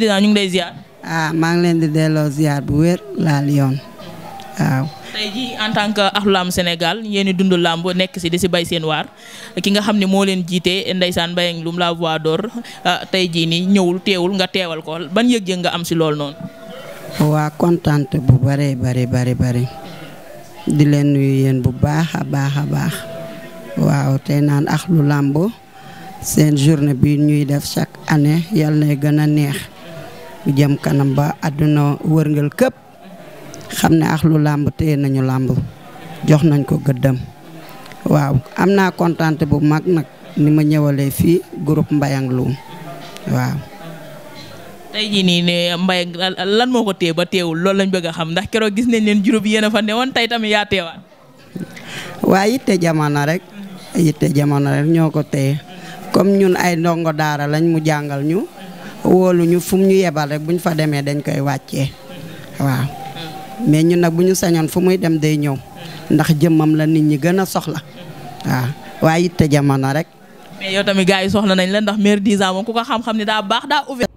président ñu ngi lay ah, maa ngi leen di delloo ziar bu wér laal yoon waaw. tey jii en tant que axlu làmb Sénégal yéen dund làmb nekk si di si bay seen waar ki nga xam ne moo leen jiite Ndeysaan Mbayang Loum la voix d'or ah, tey jii nii ñëwul teewul nga teewal ko ban yëg-yëg nga am si lool noon waa kontaan bu baree bëri bëri bëri di leen nuyu yéen bu baax a baax a baax waaw te naan axlu làmb seen journée bi ñuy def chaque année yàlla na gën a neex. jëm kanam ba àdduna wërngal këpp xam ne ak lu làmb téye nañu làmb jox nañ ko gëddam waaw am naa kontante bu mag nag ni ma ñëwalee fii groupe Mbayang Loum waaw. tey jii nii ne Mbaye lan moo ko téye ba teewul loolu lañ bëgg a xam ndax keroog gis nañ leen juróom yéen a fa newoon tey tamit yaa teewaat. waa yitte jamono rek. yitte jamono rek ñoo ko téye comme ñun ay ndongo daara lañ mu jàngal ñu. wóoluñu fu mu ñu yebal rek bu ñu fa demee dañ koy wàccee waaw mais ñun nag bu ñu sañoon fu muy dem day ñëw ndax jëmmam la nit ñi gën a soxla waaw waaye itte jamono rek. mais yow tamit gars yi soxla nañ la ndax maire 10 moom ku ko xam-xam ni daa baax daa ouvert.